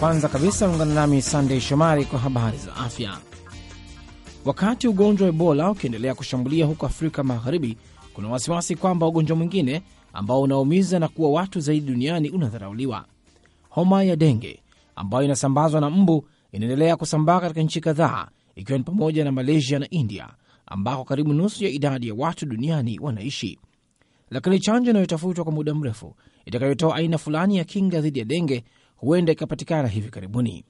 Kwanza kabisa ungana nami Sandey Shomari kwa habari za afya. Wakati ugonjwa wa Ebola ukiendelea kushambulia huko Afrika Magharibi, kuna wasiwasi kwamba ugonjwa mwingine ambao unaumiza na kuwa watu zaidi duniani unadharauliwa. Homa ya denge ambayo inasambazwa na mbu inaendelea kusambaa katika nchi kadhaa, ikiwa ni pamoja na Malaysia na India ambako karibu nusu ya idadi ya watu duniani wanaishi. Lakini chanjo inayotafutwa kwa muda mrefu itakayotoa aina fulani ya kinga dhidi ya denge huenda ikapatikana hivi karibuni.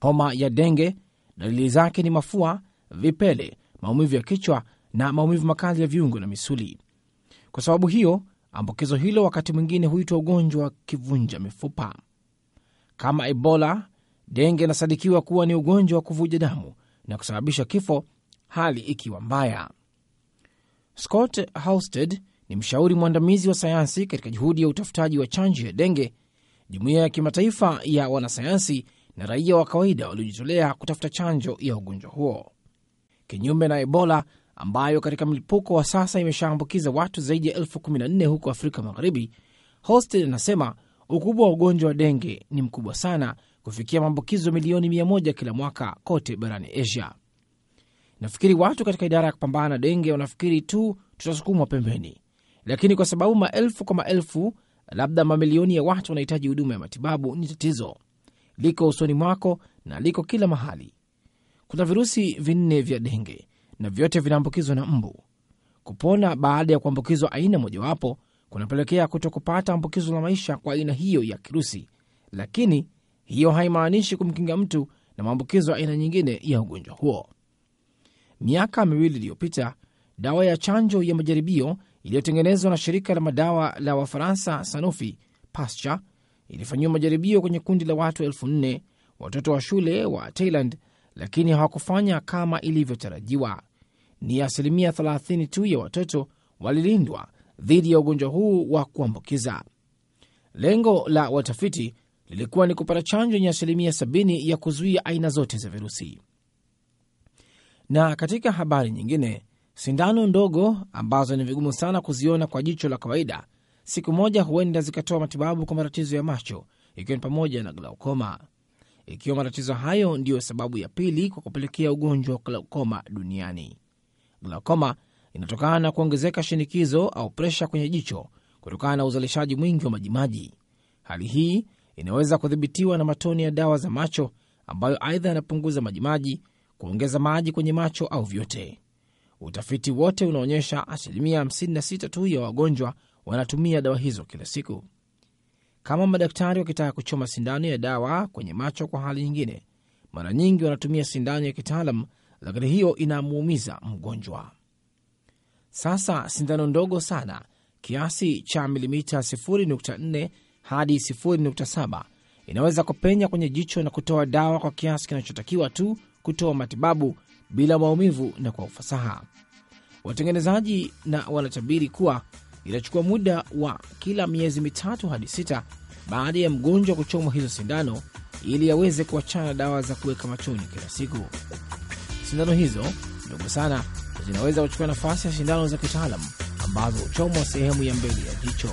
Homa ya denge dalili zake ni mafua, vipele, maumivu ya kichwa na maumivu makali ya viungo na misuli. Kwa sababu hiyo, ambukizo hilo wakati mwingine huitwa ugonjwa wa kivunja mifupa. Kama Ebola, denge inasadikiwa kuwa ni ugonjwa wa kuvuja damu na kusababisha kifo, hali ikiwa mbaya. Scott Halsted ni mshauri mwandamizi wa sayansi katika juhudi ya utafutaji wa chanjo ya denge jumuiya ya kimataifa ya wanasayansi na raia wa kawaida waliojitolea kutafuta chanjo ya ugonjwa huo, kinyume na Ebola ambayo katika mlipuko wa sasa imeshaambukiza watu zaidi ya elfu kumi na nne huko Afrika Magharibi. Holstein anasema ukubwa wa ugonjwa wa denge ni mkubwa sana kufikia maambukizo milioni mia moja kila mwaka kote barani Asia. Nafikiri watu katika idara ya kupambana na denge wanafikiri tu tutasukumwa pembeni, lakini kwa sababu maelfu kwa maelfu labda mamilioni ya watu wanahitaji huduma ya matibabu, ni tatizo liko usoni mwako na liko kila mahali. Kuna virusi vinne vya denge na vyote vinaambukizwa na mbu. Kupona baada ya kuambukizwa aina mojawapo kunapelekea kutokupata ambukizo la maisha kwa aina hiyo ya kirusi, lakini hiyo haimaanishi kumkinga mtu na maambukizo ya aina nyingine ya ugonjwa huo. Miaka miwili iliyopita, dawa ya chanjo ya majaribio iliyotengenezwa na shirika la madawa la Wafaransa Sanofi Pasteur ilifanyiwa majaribio kwenye kundi la watu elfu nne watoto wa shule wa Thailand, lakini hawakufanya kama ilivyotarajiwa. Ni asilimia 30 tu ya watoto walilindwa dhidi ya ugonjwa huu wa kuambukiza. Lengo la watafiti lilikuwa ni kupata chanjo yenye asilimia 70 ya kuzuia aina zote za virusi. Na katika habari nyingine, Sindano ndogo ambazo ni vigumu sana kuziona kwa jicho la kawaida, siku moja huenda zikatoa matibabu kwa matatizo ya macho, ikiwa ni pamoja na glaukoma, ikiwa matatizo hayo ndiyo sababu ya pili kwa kupelekea ugonjwa wa glaukoma duniani. Glaukoma inatokana na kuongezeka shinikizo au presha kwenye jicho kutokana na uzalishaji mwingi wa majimaji. Hali hii inaweza kudhibitiwa na matone ya dawa za macho ambayo aidha yanapunguza majimaji, kuongeza maji kwenye macho au vyote. Utafiti wote unaonyesha asilimia 56 tu ya wagonjwa wanatumia dawa hizo kila siku. Kama madaktari wakitaka kuchoma sindano ya dawa kwenye macho, kwa hali nyingine, mara nyingi wanatumia sindano ya kitaalam, lakini hiyo inamuumiza mgonjwa. Sasa sindano ndogo sana kiasi cha milimita 0.4 hadi 0.7 inaweza kupenya kwenye jicho na kutoa dawa kwa kiasi kinachotakiwa tu kutoa matibabu bila maumivu na kwa ufasaha. Watengenezaji na wanatabiri kuwa itachukua muda wa kila miezi mitatu hadi sita baada ya mgonjwa kuchomwa hizo sindano ili aweze kuachana dawa za kuweka machoni kila siku. Sindano hizo ndogo sana zinaweza kuchukua nafasi ya sindano za kitaalam ambazo huchomwa sehemu ya mbele ya jicho.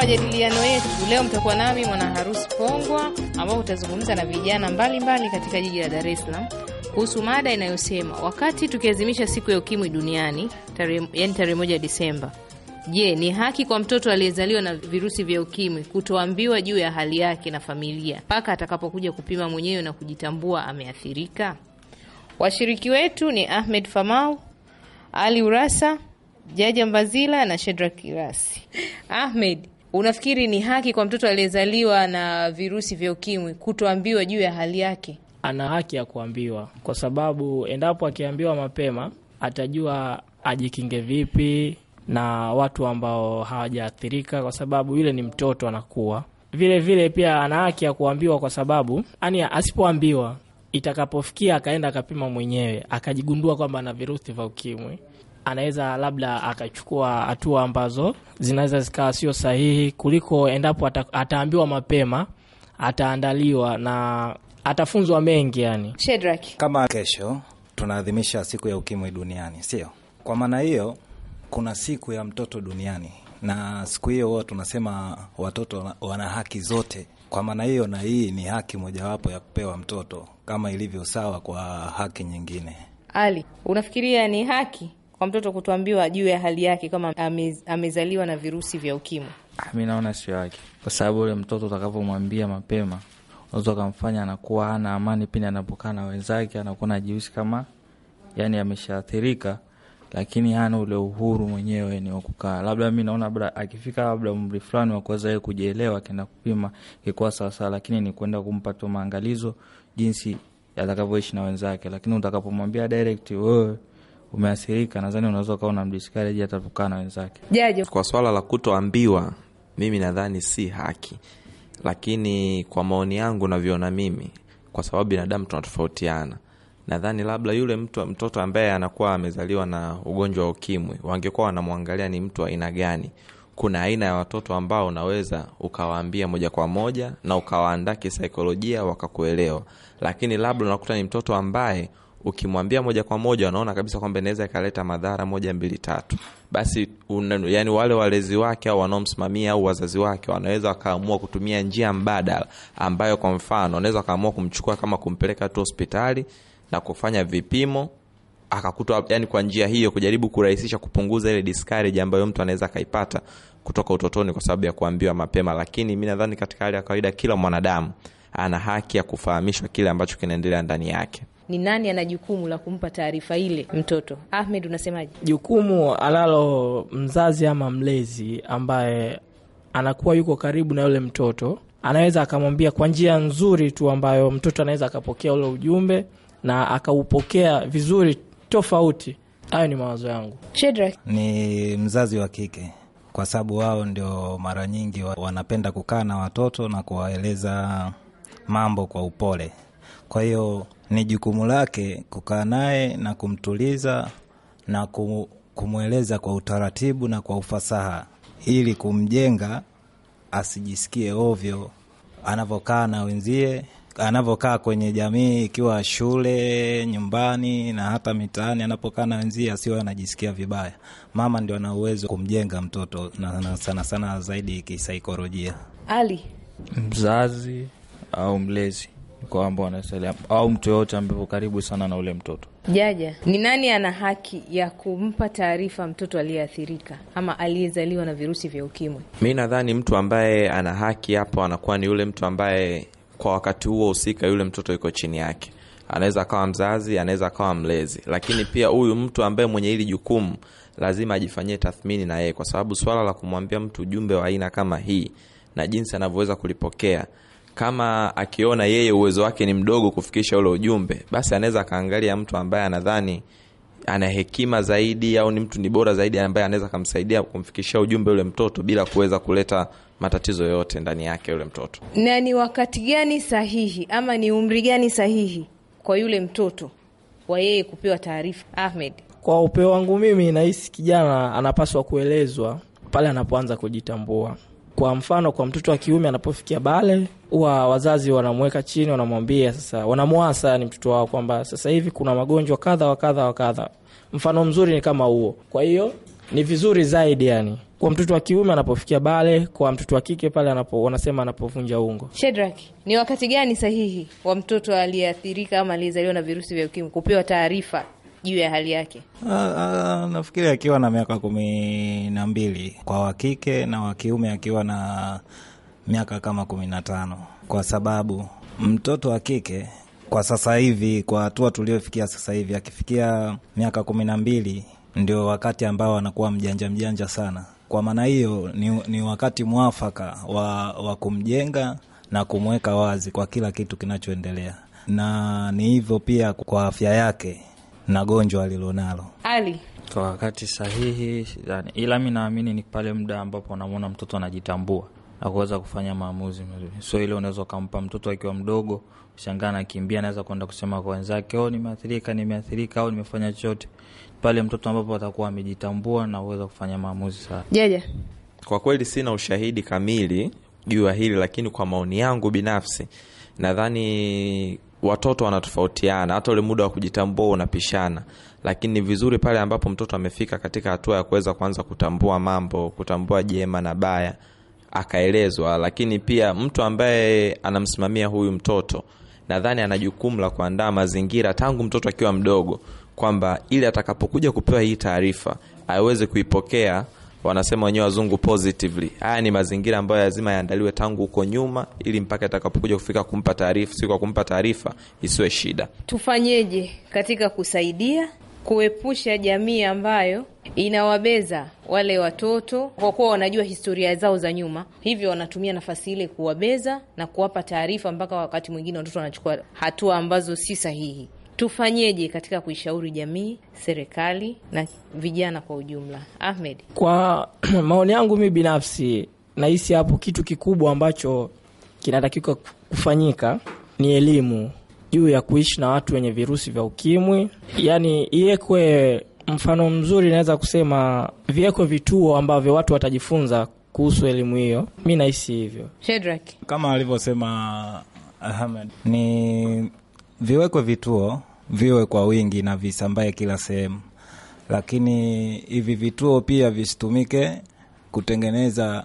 majadiliano yetu leo, mtakuwa nami Mwana Harusi Pongwa, ambao utazungumza na vijana mbalimbali mbali katika jiji la Dar es Salaam kuhusu mada inayosema wakati tukiazimisha siku ya ukimwi duniani tarehe, yani tarehe moja Disemba, je, ni haki kwa mtoto aliyezaliwa na virusi vya ukimwi kutoambiwa juu ya hali yake na familia mpaka atakapokuja kupima mwenyewe na kujitambua ameathirika? Washiriki wetu ni Ahmed Famau, Ali Urasa, Jaja Mbazila na Shedra Kirasi. Ahmed, Unafikiri ni haki kwa mtoto aliyezaliwa na virusi vya ukimwi kutoambiwa juu ya hali yake? Ana haki ya kuambiwa, kwa sababu endapo akiambiwa mapema atajua ajikinge vipi na watu ambao hawajaathirika, kwa sababu yule ni mtoto anakuwa. Vile vile pia ana haki ya kuambiwa, kwa sababu yani asipoambiwa, itakapofikia akaenda akapima mwenyewe akajigundua kwamba ana virusi vya ukimwi anaweza labda akachukua hatua ambazo zinaweza zikawa sio sahihi, kuliko endapo ata, ataambiwa mapema, ataandaliwa na atafunzwa mengi. Yani Shedrack, kama kesho tunaadhimisha siku ya ukimwi duniani, sio? Kwa maana hiyo kuna siku ya mtoto duniani, na siku hiyo huwa tunasema watoto wana haki zote. Kwa maana hiyo, na hii ni haki mojawapo ya kupewa mtoto kama ilivyo sawa kwa haki nyingine. Ali, unafikiria ni haki kwa mtoto kutuambiwa juu ya hali yake kama amez, amezaliwa na virusi vya ukimwi? Ah, mi naona sio yake, kwa sababu ule mtoto utakapomwambia mapema unaweza ukamfanya anakuwa hana amani pindi anapokaa na wenzake, anakuwa najihisi kama yani ameshaathirika, lakini hana ule uhuru mwenyewe ni wa kukaa. Labda mi naona labda akifika labda umri fulani wa kuweza yeye kujielewa, akienda kupima kikuwa sawasawa, lakini ni kuenda kumpa tu maangalizo jinsi atakavyoishi na wenzake, lakini utakapomwambia direct wewe umeathirika, nadhani unaweza ukawa na mdiscourage hata kukaa na wenzake. Jaji, kwa swala la kutoambiwa, mimi nadhani si haki, lakini kwa maoni yangu navyoona mimi, kwa sababu binadamu tunatofautiana nadhani labda yule mtu mtoto ambaye anakuwa amezaliwa na ugonjwa wa ukimwi wangekuwa wanamwangalia ni mtu aina gani. Kuna aina ya watoto ambao unaweza ukawaambia moja kwa moja na ukawaandaa kisaikolojia wakakuelewa, lakini labda unakuta ni mtoto ambaye ukimwambia moja kwa moja, wanaona kabisa kwamba inaweza ikaleta madhara moja mbili tatu, basi un, yani wale walezi wake au wanaomsimamia au wazazi wake wanaweza wakaamua kutumia njia mbadala, ambayo kwa mfano wanaweza wakaamua kumchukua kama kumpeleka tu hospitali na kufanya vipimo akakutwa, yani kwa njia hiyo kujaribu kurahisisha, kupunguza ile discourage ambayo mtu anaweza akaipata kutoka utotoni kwa sababu ya kuambiwa mapema. Lakini mi nadhani katika hali ya kawaida, kila mwanadamu ana haki ya kufahamishwa kile ambacho kinaendelea ndani yake ni nani ana jukumu la kumpa taarifa ile mtoto. Ahmed, unasemaje? Jukumu analo mzazi ama mlezi ambaye anakuwa yuko karibu na yule mtoto, anaweza akamwambia kwa njia nzuri tu ambayo mtoto anaweza akapokea ule ujumbe na akaupokea vizuri tofauti. Hayo ni mawazo yangu. Shedrack ni mzazi wa kike kwa sababu wao ndio mara nyingi wanapenda kukaa na watoto na kuwaeleza mambo kwa upole. Kwa hiyo ni jukumu lake kukaa naye na kumtuliza na kumweleza kwa utaratibu na kwa ufasaha, ili kumjenga asijisikie ovyo anavyokaa na wenzie, anavyokaa kwenye jamii, ikiwa shule, nyumbani na hata mitaani, anapokaa na wenzie asiwe anajisikia vibaya. Mama ndio ana uwezo kumjenga mtoto na, sanasana sana sana zaidi kisaikolojia. Ali mzazi au mlezi kwa ambao wanasalia au mtu yoyote ambapo karibu sana na ule mtoto. Jaja, ni nani ana haki ya kumpa taarifa mtoto aliyeathirika ama aliyezaliwa na virusi vya ukimwi? Mi nadhani mtu ambaye ana haki hapo anakuwa ni yule mtu ambaye kwa wakati huo husika yule mtoto yuko chini yake. Anaweza akawa mzazi, anaweza akawa mlezi, lakini pia huyu mtu ambaye mwenye hili jukumu lazima ajifanyie tathmini na yeye, kwa sababu swala la kumwambia mtu ujumbe wa aina kama hii na jinsi anavyoweza kulipokea kama akiona yeye uwezo wake ni mdogo kufikisha ule ujumbe, basi anaweza akaangalia mtu ambaye anadhani ana hekima zaidi au ni mtu ni bora zaidi ambaye anaweza akamsaidia kumfikishia ujumbe ule mtoto bila kuweza kuleta matatizo yoyote ndani yake yule mtoto. Na ni wakati gani sahihi ama ni umri gani sahihi kwa yule mtoto wa yeye kupewa taarifa? Ahmed, kwa upeo wangu mimi nahisi kijana anapaswa kuelezwa pale anapoanza kujitambua. Kwa mfano, kwa mtoto wa kiume anapofikia bale, huwa wazazi wanamweka chini, wanamwambia sasa, wanamwasa ni mtoto wao kwamba sasa hivi kuna magonjwa kadha wa kadha wa kadha. Mfano mzuri ni kama huo. Kwa hiyo ni vizuri zaidi yani kwa mtoto wa kiume anapofikia bale, kwa mtoto wa kike pale anapo, wanasema anapovunja ungo. Shedrack, ni wakati gani sahihi wa mtoto aliyeathirika ama aliyezaliwa na virusi vya ukimwi kupewa taarifa juu ya hali yake? Ah, ah, nafikiri akiwa na miaka kumi na mbili kwa wakike na wakiume akiwa na miaka kama kumi na tano kwa sababu mtoto wa kike kwa sasa hivi, kwa hatua tuliofikia sasa hivi, akifikia miaka kumi na mbili ndio wakati ambao anakuwa mjanja mjanja sana. Kwa maana hiyo ni, ni wakati mwafaka wa, wa kumjenga na kumweka wazi kwa kila kitu kinachoendelea, na ni hivyo pia kwa afya yake na gonjwa alilonalo ali kwa wakati sahihi, sidhani, ila mi naamini ni pale muda ambapo unamwona mtoto anajitambua na kuweza kufanya maamuzi mazuri. So ile unaweza ukampa mtoto akiwa mdogo, shangaa nakimbia, anaweza kwenda kusema kwa wenzake, o oh, nimeathirika, nimeathirika au nimefanya chochote, pale mtoto ambapo atakuwa amejitambua na uweza kufanya maamuzi sawa. Jeje, kwa kweli sina ushahidi kamili juu ya hili, lakini kwa maoni yangu binafsi nadhani watoto wanatofautiana, hata ule muda wa kujitambua unapishana, lakini ni vizuri pale ambapo mtoto amefika katika hatua ya kuweza kuanza kutambua mambo, kutambua jema na baya, akaelezwa. Lakini pia mtu ambaye anamsimamia huyu mtoto, nadhani ana jukumu la kuandaa mazingira tangu mtoto akiwa mdogo, kwamba ili atakapokuja kupewa hii taarifa aweze kuipokea wanasema wenyewe wazungu positively. Haya ni mazingira ambayo lazima yaandaliwe tangu huko nyuma, ili mpaka itakapokuja kufika kumpa taarifa, si kwa kumpa taarifa isiwe shida. Tufanyeje katika kusaidia kuepusha jamii ambayo inawabeza wale watoto kwa kuwa wanajua historia zao za nyuma, hivyo wanatumia nafasi ile kuwabeza na kuwapa taarifa, mpaka wakati mwingine watoto wanachukua hatua ambazo si sahihi tufanyeje katika kuishauri jamii, serikali na vijana kwa ujumla? Ahmed, kwa maoni yangu mi binafsi nahisi hapo kitu kikubwa ambacho kinatakiwa kufanyika ni elimu juu ya kuishi na watu wenye virusi vya ukimwi. Yani iwekwe mfano mzuri, naweza kusema viwekwe vituo ambavyo watu watajifunza kuhusu elimu hiyo. Mi nahisi hivyo. Shedrack, kama alivyosema Ahmed, ni viwekwe vituo viwe kwa wingi na visambae kila sehemu, lakini hivi vituo pia visitumike kutengeneza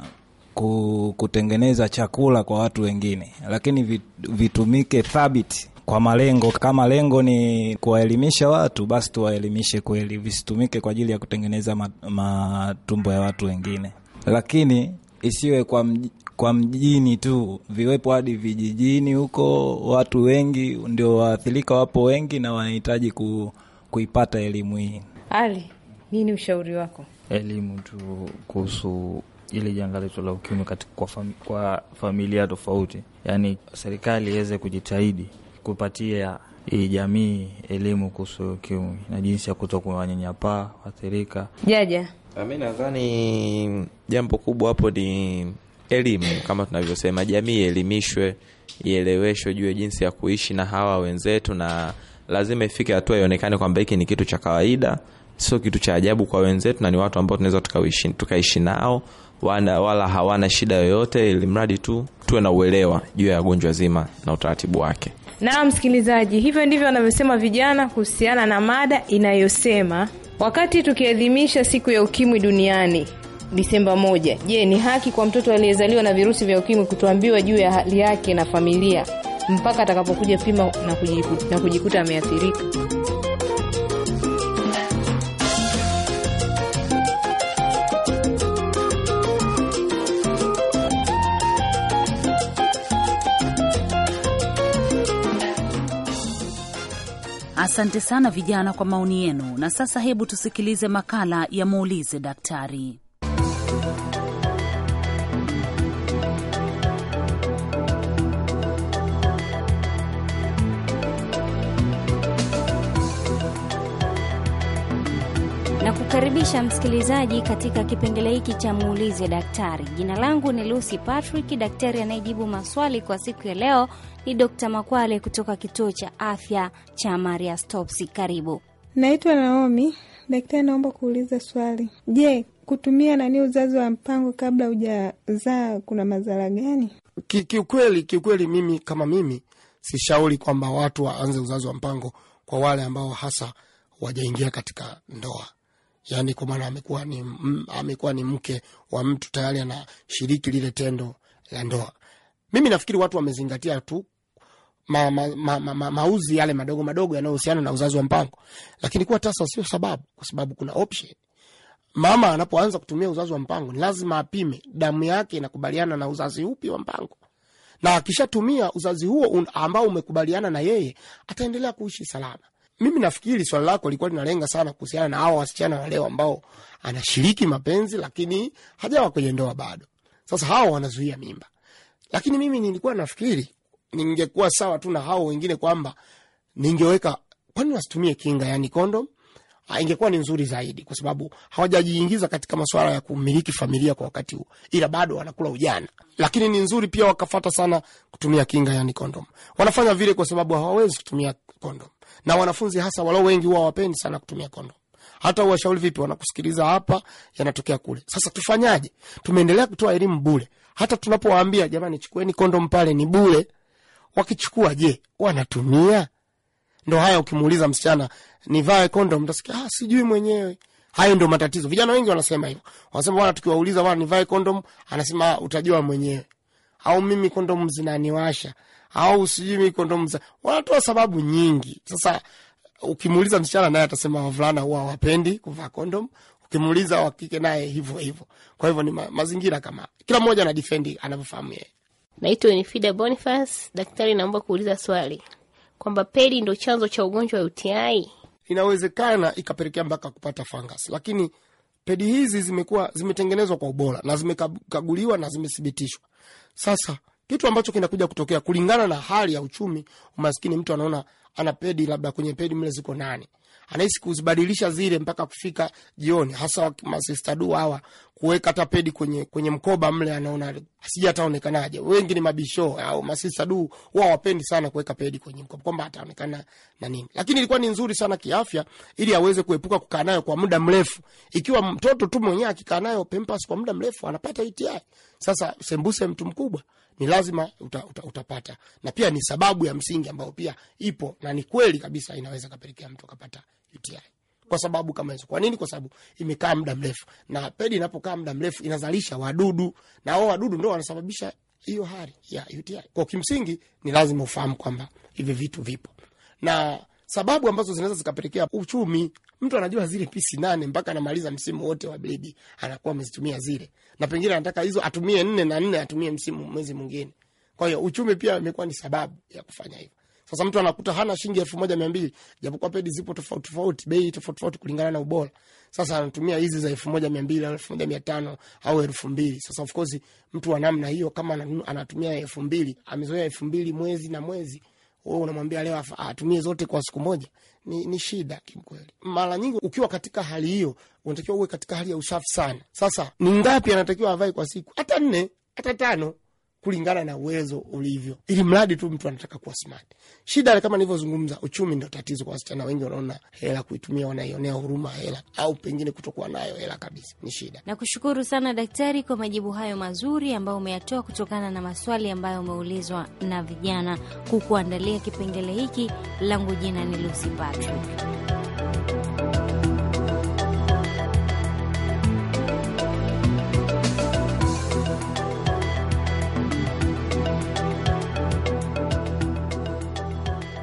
kutengeneza chakula kwa watu wengine, lakini vitumike thabiti kwa malengo. Kama lengo ni kuwaelimisha watu, basi tuwaelimishe kweli, visitumike kwa ajili ya kutengeneza matumbo ya watu wengine, lakini isiwe kwa kwa mjini tu viwepo hadi vijijini huko, watu wengi ndio waathirika, wapo wengi na wanahitaji ku, kuipata elimu hii. Ali, nini ushauri wako? Elimu tu kuhusu ili janga letu la ukimwi kwa, fam, kwa familia tofauti, yaani serikali iweze kujitahidi kupatia hii jamii elimu kuhusu ukimwi na jinsi ya kuto kuwanyanyapaa waathirika. Jaja, mi nadhani jambo kubwa hapo ni elimu kama tunavyosema, jamii ielimishwe, ieleweshwe juu ya jinsi ya kuishi na hawa wenzetu, na lazima ifike hatua ionekane kwamba hiki ni kitu cha kawaida, sio kitu cha ajabu kwa wenzetu, na ni watu ambao tunaweza tukaishi tukaishi nao wana, wala hawana shida yoyote, ili mradi tu tuwe na uelewa juu ya gonjwa zima na utaratibu wake. Na msikilizaji, hivyo ndivyo wanavyosema vijana kuhusiana na mada inayosema wakati tukiadhimisha siku ya ukimwi duniani Disemba moja. Je, ni haki kwa mtoto aliyezaliwa na virusi vya ukimwi kutoambiwa juu ya hali yake na familia mpaka atakapokuja pima na kujikuta, na kujikuta ameathirika? Asante sana vijana kwa maoni yenu, na sasa hebu tusikilize makala ya muulize daktari. kukaribisha msikilizaji katika kipengele hiki cha muulize daktari. Jina langu ni Lucy Patrick. Daktari anayejibu maswali kwa siku ya leo ni Dr. Makwale kutoka kituo cha afya cha Maria Stops. Karibu. Naitwa Naomi. Daktari, naomba kuuliza swali. Je, kutumia nani uzazi wa mpango kabla hujazaa kuna madhara gani? Kiukweli, kiukweli mimi kama mimi sishauri kwamba watu waanze uzazi wa mpango kwa wale ambao hasa wajaingia katika ndoa yani kwa maana amekuwa ni, amekuwa ni mke wa mtu tayari anashiriki lile tendo la ndoa. Mimi nafikiri watu wamezingatia tu ma, ma, ma, ma, ma, mauzi yale madogo madogo yanayohusiana na uzazi wa mpango, lakini kuwa tasa sio sababu, kwa sababu kuna option. Mama anapoanza kutumia uzazi wa mpango ni lazima apime damu yake inakubaliana na uzazi upi wa mpango, na akishatumia uzazi huo ambao umekubaliana na yeye, ataendelea kuishi salama mimi nafikiri swala lako lilikuwa linalenga sana kuhusiana na hawa wasichana wa leo ambao anashiriki mapenzi lakini hajawa kwenye ndoa bado. Sasa hawa wanazuia mimba, lakini mimi nilikuwa nafikiri ningekuwa sawa tu na hao wengine kwamba ningeweka, kwani wasitumie kinga, yani kondom ah, ingekuwa ni nzuri zaidi, kwa sababu hawajajiingiza katika masuala ya kumiliki familia kwa wakati huu, ila bado wanakula ujana. Lakini ni nzuri pia wakafata sana kutumia kinga, yani kondom. Wanafanya vile kwa sababu hawawezi kutumia kondom na wanafunzi hasa walio wengi huwa wapendi sana kutumia kondom hata uwashauri vipi, wanakusikiliza hapa, yanatokea kule. Sasa tufanyaje? Tumeendelea kutoa elimu bule hata tunapowaambia jamani, chukueni kondom pale ni bule wakichukua, je, wanatumia? Ndo haya, ukimuuliza msichana nivae kondom, utasikia ah, sijui mwenyewe. Hayo ndo matatizo. Vijana wengi wanasema hivyo, wanasema bwana, tukiwauliza bwana, nivae kondom, anasema ah, utajua mwenyewe, au mimi kondom zinaniwasha au sijui mi kondomu za, wanatoa sababu nyingi. Sasa ukimuuliza msichana naye atasema wavulana huwa wapendi kuvaa kondomu, ukimuuliza wakike naye hivyo hivyo. Kwa hivyo ni ma, mazingira kama kila mmoja anadifendi anavyofahamu yeye. Naitwa Winifrida Boniface. Daktari, naomba kuuliza swali kwamba pedi ndo chanzo cha ugonjwa wa UTI. Inawezekana ikapelekea mpaka kupata fungus, lakini pedi hizi zimekuwa zimetengenezwa kwa ubora na zimekaguliwa na zimethibitishwa. Sasa kitu ambacho kinakuja kutokea kulingana na hali ya uchumi. Umaskini, mtu anaona ana pedi labda kwenye pedi mle ziko nane, anahisi kuzibadilisha zile mpaka kufika jioni, hasa masistadu hawa kuweka hata pedi kwenye, kwenye mkoba mle, anaona asija ataonekanaje. Wengi ni mabisho au masistadu huwa wapendi sana kuweka pedi kwenye mkoba kwamba ataonekana na nini, lakini ilikuwa ni nzuri sana kiafya, ili aweze kuepuka kukaa nayo kwa muda mrefu. Ikiwa mtoto tu mwenyewe akikaa nayo pempas kwa muda mrefu, anapata UTI. Sasa sembuse mtu mkubwa ni lazima uta, uta, utapata, na pia ni sababu ya msingi ambayo pia ipo na ni kweli kabisa, inaweza kapelekea mtu akapata UTI kwa sababu kama hizo. Kwa nini? Kwa sababu imekaa muda mrefu, na pedi inapokaa muda mrefu inazalisha wadudu, na hao wadudu ndio wanasababisha hiyo hali ya UTI. Kwa kimsingi, ni lazima ufahamu kwamba hivi vitu vipo na sababu ambazo zinaweza zikapelekea uchumi mtu anajua zile pisi nane mpaka anamaliza msimu wote wa Bledi anakuwa amezitumia zile, na pengine anataka hizo atumie nne na nne atumie msimu mwezi mwingine. Kwa hiyo uchumi pia imekuwa ni sababu ya kufanya hivyo. Sasa mtu anakuta hana shilingi elfu moja mia mbili japokuwa pedi zipo tofauti tofauti, bei tofauti tofauti kulingana na ubora. Sasa anatumia hizi za elfu moja mia mbili au elfu moja mia tano au elfu mbili Sasa of course mtu wa namna hiyo kama anatumia elfu mbili amezoea elfu mbili mwezi na mwezi wewe unamwambia leo atumie zote kwa siku moja, ni, ni shida kimkweli. Mara nyingi ukiwa katika hali hiyo, unatakiwa uwe katika hali ya usafi sana. Sasa ni ngapi anatakiwa avae kwa siku? Hata nne, hata tano kulingana na uwezo ulivyo, ili mradi tu mtu anataka kuwa smart. Shida kama nilivyozungumza, uchumi ndo tatizo kwa wasichana wengi. Wanaona hela kuitumia, wanaionea huruma hela, au pengine kutokuwa nayo hela kabisa, ni shida. Nakushukuru sana daktari kwa majibu hayo mazuri ambayo umeyatoa kutokana na maswali ambayo umeulizwa na vijana. Kukuandalia kipengele hiki, langu jina ni Lucy Patrick.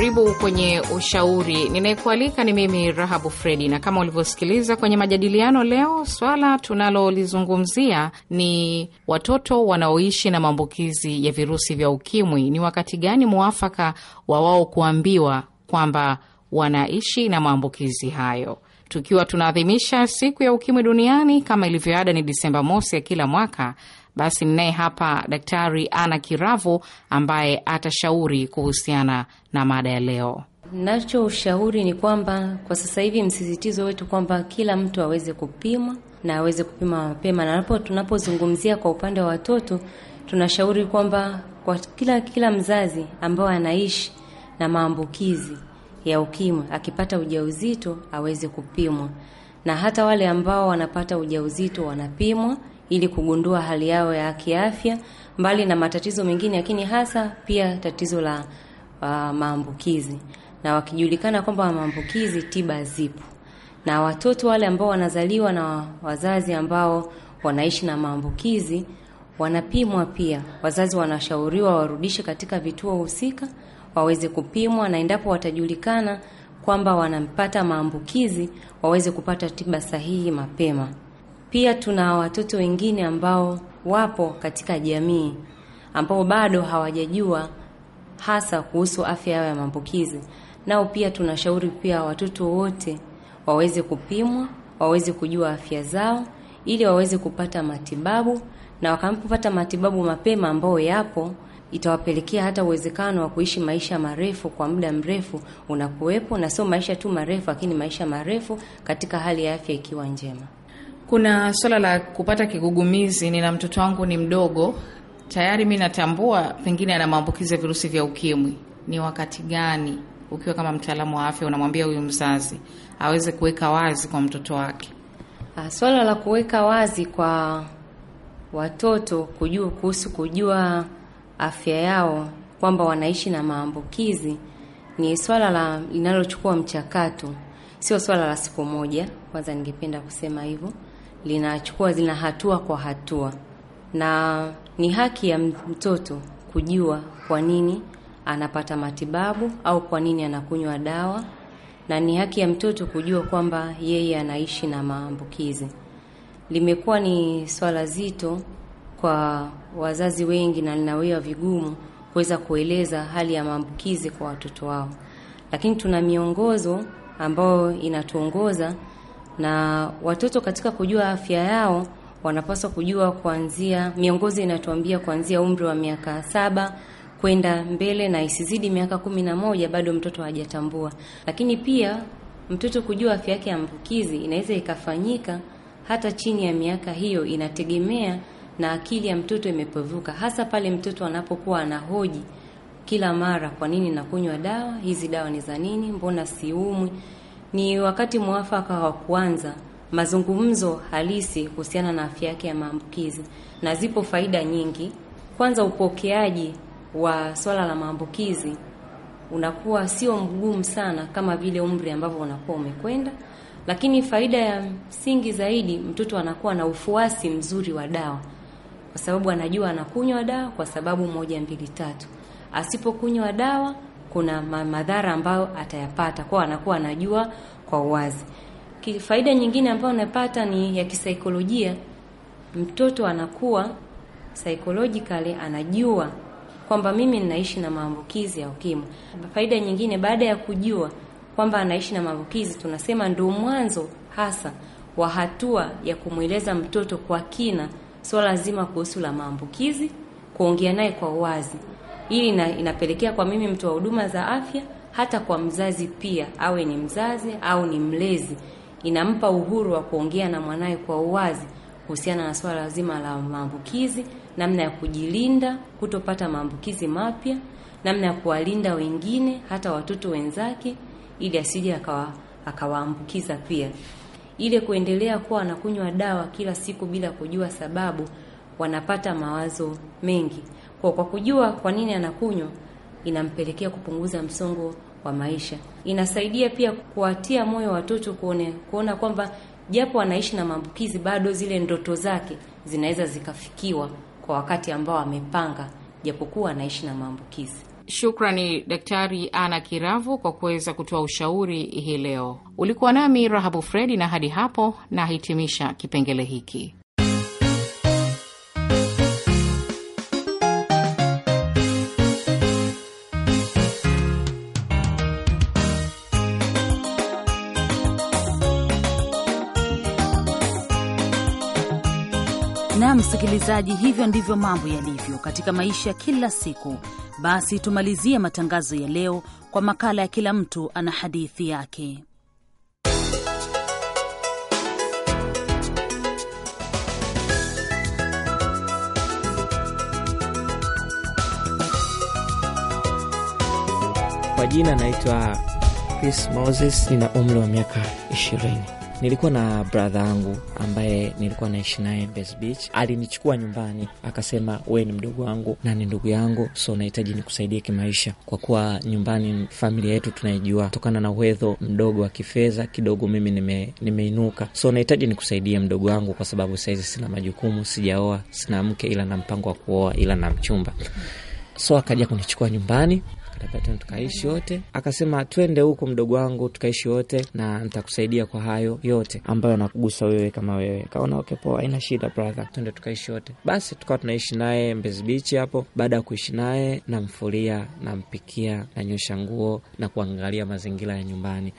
Karibu kwenye Ushauri. Ninayekualika ni mimi Rahabu Fredi, na kama ulivyosikiliza kwenye majadiliano leo, swala tunalolizungumzia ni watoto wanaoishi na maambukizi ya virusi vya ukimwi. Ni wakati gani mwafaka wa wao kuambiwa kwamba wanaishi na maambukizi hayo? Tukiwa tunaadhimisha siku ya ukimwi duniani kama ilivyoada, ni Disemba mosi ya kila mwaka. Basi mnaye hapa Daktari Ana Kiravo ambaye atashauri kuhusiana na mada ya leo. Nachoshauri ni kwamba kwa sasa hivi msisitizo wetu kwamba kila mtu aweze kupimwa na aweze kupima mapema, na tunapozungumzia kwa upande wa watoto, tunashauri kwamba kwa kila kila mzazi ambayo anaishi na maambukizi ya ukimwi akipata ujauzito aweze kupimwa, na hata wale ambao wanapata ujauzito wanapimwa ili kugundua hali yao ya kiafya, mbali na matatizo mengine, lakini hasa pia tatizo la uh, maambukizi. Na wakijulikana kwamba maambukizi, tiba zipo, na watoto wale ambao wanazaliwa na wazazi ambao wanaishi na maambukizi wanapimwa pia. Wazazi wanashauriwa warudishe katika vituo husika waweze kupimwa, na endapo watajulikana kwamba wanampata maambukizi waweze kupata tiba sahihi mapema. Pia tuna watoto wengine ambao wapo katika jamii ambao bado hawajajua hasa kuhusu afya yao ya maambukizi. Nao pia tunashauri pia watoto wote waweze kupimwa, waweze kujua afya zao ili waweze kupata matibabu, na wakapopata matibabu mapema ambayo yapo itawapelekea hata uwezekano wa kuishi maisha marefu kwa muda mrefu unakuwepo, na sio maisha tu marefu, lakini maisha marefu katika hali ya afya ikiwa njema. Kuna swala la kupata kigugumizi. Nina mtoto wangu ni mdogo tayari, mi natambua pengine ana maambukizi ya virusi vya ukimwi. Ni wakati gani ukiwa kama mtaalamu wa afya unamwambia huyu mzazi aweze kuweka wazi kwa mtoto wake? Ah, swala la kuweka wazi kwa watoto kujua kuhusu kujua afya yao kwamba wanaishi na maambukizi ni swala la linalochukua mchakato, sio swala la siku moja. Kwanza ningependa kusema hivyo linachukua zina hatua kwa hatua, na ni haki ya mtoto kujua kwa nini anapata matibabu au kwa nini anakunywa dawa, na ni haki ya mtoto kujua kwamba yeye anaishi na maambukizi. Limekuwa ni swala zito kwa wazazi wengi na linawia vigumu kuweza kueleza hali ya maambukizi kwa watoto wao, lakini tuna miongozo ambayo inatuongoza na watoto katika kujua afya yao wanapaswa kujua kuanzia, miongozo inatuambia kuanzia umri wa miaka saba kwenda mbele na isizidi miaka kumi na moja bado mtoto hajatambua. Lakini pia mtoto kujua afya yake ambukizi inaweza ikafanyika hata chini ya miaka hiyo, inategemea na akili ya mtoto imepevuka, hasa pale mtoto anapokuwa anahoji kila mara, kwa nini nakunywa dawa hizi? Dawa ni za nini? Mbona siumwi? ni wakati mwafaka wa kuanza mazungumzo halisi kuhusiana na afya yake ya maambukizi, na zipo faida nyingi. Kwanza, upokeaji wa swala la maambukizi unakuwa sio mgumu sana kama vile umri ambavyo unakuwa umekwenda. Lakini faida ya msingi zaidi, mtoto anakuwa na ufuasi mzuri wa dawa, kwa sababu anajua anakunywa dawa kwa sababu moja, mbili, tatu. Asipokunywa dawa kuna madhara ambayo atayapata, kwa anakuwa anajua kwa uwazi. Faida nyingine ambayo anapata ni ya kisaikolojia, mtoto anakuwa psychologically anajua kwamba mimi ninaishi na maambukizi ya ukimwi. Faida nyingine baada ya kujua kwamba anaishi na maambukizi, tunasema ndo mwanzo hasa wa hatua ya kumweleza mtoto kwa kina swala so zima kuhusu la maambukizi, kuongea naye kwa uwazi. Hii inapelekea kwa mimi mtu wa huduma za afya, hata kwa mzazi pia, awe ni mzazi au ni mlezi, inampa uhuru wa kuongea na mwanaye kwa uwazi kuhusiana na swala zima la maambukizi, namna ya kujilinda kutopata maambukizi mapya, namna ya kuwalinda wengine, hata watoto wenzake, ili asije akawa akawaambukiza pia. Ile kuendelea kuwa wanakunywa dawa kila siku bila kujua sababu, wanapata mawazo mengi. Kwa, kwa kujua kwa nini anakunywa inampelekea kupunguza msongo wa maisha. Inasaidia pia kuwatia moyo watoto kuone, kuona kwamba japo anaishi na maambukizi bado zile ndoto zake zinaweza zikafikiwa kwa wakati ambao amepanga, japokuwa anaishi na maambukizi. Shukrani Daktari Ana Kiravu kwa kuweza kutoa ushauri hii leo. Ulikuwa nami Rahabu Fredi, na hadi hapo nahitimisha kipengele hiki. msikilizaji, hivyo ndivyo mambo yalivyo katika maisha kila siku. Basi tumalizie matangazo ya leo kwa makala ya kila mtu ana hadithi yake. Kwa jina naitwa Chris Moses, nina umri wa miaka ishirini. Nilikuwa na bradha yangu ambaye nilikuwa naishi naye Mbezi Beach, alinichukua nyumbani, akasema we ni mdogo wangu na ni ndugu yangu, so nahitaji nikusaidie kimaisha, kwa kuwa nyumbani familia yetu tunaijua, kutokana na uwezo mdogo wa kifedha kidogo, mimi nime, nimeinuka, so nahitaji nikusaidie mdogo wangu, kwa sababu sahizi sina majukumu, sijaoa, sina mke, ila na mpango wa kuoa, ila na mchumba. So akaja kunichukua nyumbani tukapatana tukaishi wote. Akasema twende huko mdogo wangu, tukaishi wote na nitakusaidia kwa hayo yote ambayo nakugusa wewe kama wewe. Kaona okay, poa, haina shida brother, twende tukaishi wote. Basi tukawa tunaishi naye Mbezi Beach hapo. Baada ya kuishi naye, namfulia, nampikia, nanyosha nguo na kuangalia mazingira ya nyumbani,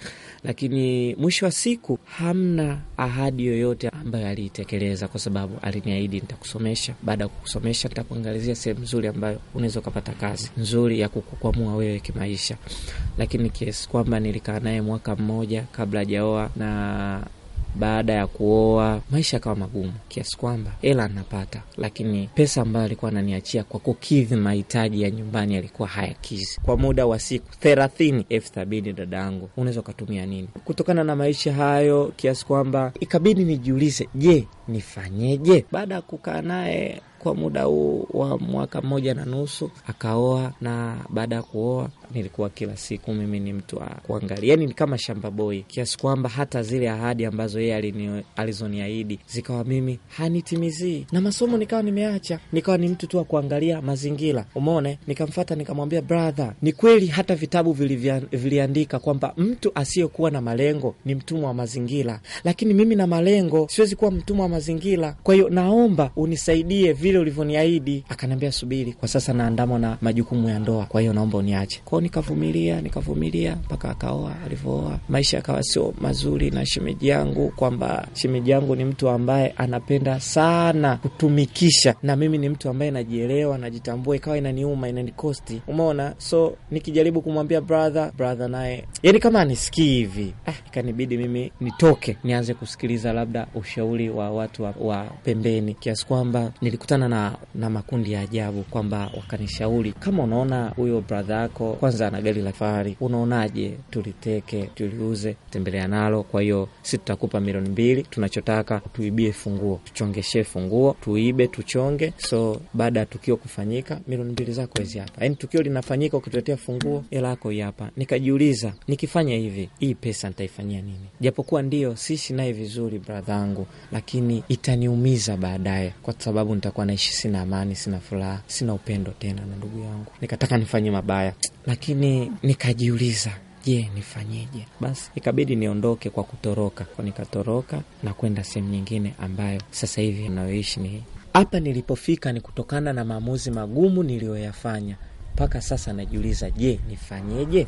lakini mwisho wa siku hamna ahadi yoyote ambayo aliitekeleza, kwa sababu aliniahidi nitakusomesha, baada ya kukusomesha nitakuangalizia sehemu nzuri ambayo unaweza ukapata kazi nzuri ya kukukwamua kama wewe kimaisha, lakini kiasi kwamba nilikaa naye mwaka mmoja kabla hajaoa na baada ya kuoa maisha yakawa magumu kiasi kwamba hela anapata, lakini pesa ambayo alikuwa ananiachia kwa kukidhi mahitaji ya nyumbani alikuwa hayakizi. Kwa muda wa siku thelathini elfu sabini dada yangu, unaweza ukatumia nini? Kutokana na maisha hayo, kiasi kwamba ikabidi nijiulize, je, nifanyeje? Baada ya kukaa naye kwa muda huu wa mwaka mmoja na nusu, akaoa na baada ya kuoa nilikuwa kila siku mimi ni mtu wa kuangalia, yani ni kama shamba boy, kiasi kwamba hata zile ahadi ambazo yeye alizoniahidi zikawa mimi hanitimizii, na masomo nikawa nimeacha, nikawa ni mtu tu wa kuangalia mazingira. Umeona, nikamfata nikamwambia, brother, ni kweli hata vitabu viliandika kwamba mtu asiyekuwa na malengo ni mtumwa wa mazingira, lakini mimi na malengo siwezi kuwa mtumwa wa mazingira. Kwa hiyo naomba unisaidie vile ulivyoniahidi. Akaniambia, subiri, kwa sasa naandamwa na majukumu ya ndoa, kwa hiyo naomba uniache. Kwa nikavumilia nikavumilia mpaka akaoa. Alivyooa maisha yakawa sio mazuri na shemeji yangu, kwamba shemeji yangu ni mtu ambaye anapenda sana kutumikisha, na mimi ni mtu ambaye najielewa, najitambua, ikawa inaniuma, inanikosti, umeona. So nikijaribu kumwambia brother, brother naye yani kama anisikii hivi, ah, ikanibidi mimi nitoke nianze kusikiliza labda ushauri wa watu wa, wa pembeni, kiasi kwamba nilikutana na, na makundi ya ajabu, kwamba wakanishauri kama unaona huyo brother yako kwanza ana gari la fahari, unaonaje tuliteke, tuliuze, tembelea nalo? Kwa hiyo si tutakupa milioni mbili, tunachotaka tuibie funguo, tuchongeshe funguo, tuibe, tuchonge. So baada ya tukio kufanyika, milioni mbili zako hizi hapa. Yani tukio linafanyika, ukituletea funguo, hela yako hii hapa. Nikajiuliza, nikifanya hivi, hii pesa nitaifanyia nini? Japokuwa ndio siishi naye vizuri, bradha angu, lakini itaniumiza baadaye, kwa sababu nitakuwa naishi sina amani, sina furaha, sina upendo tena na ndugu yangu. Nikataka nifanye mabaya lakini nikajiuliza Je, nifanyeje? Basi ikabidi niondoke kwa kutoroka, nikatoroka na kwenda sehemu nyingine ambayo sasa hivi nayoishi ni hapa. Nilipofika ni kutokana na maamuzi magumu niliyoyafanya. Mpaka sasa najiuliza, je, nifanyeje?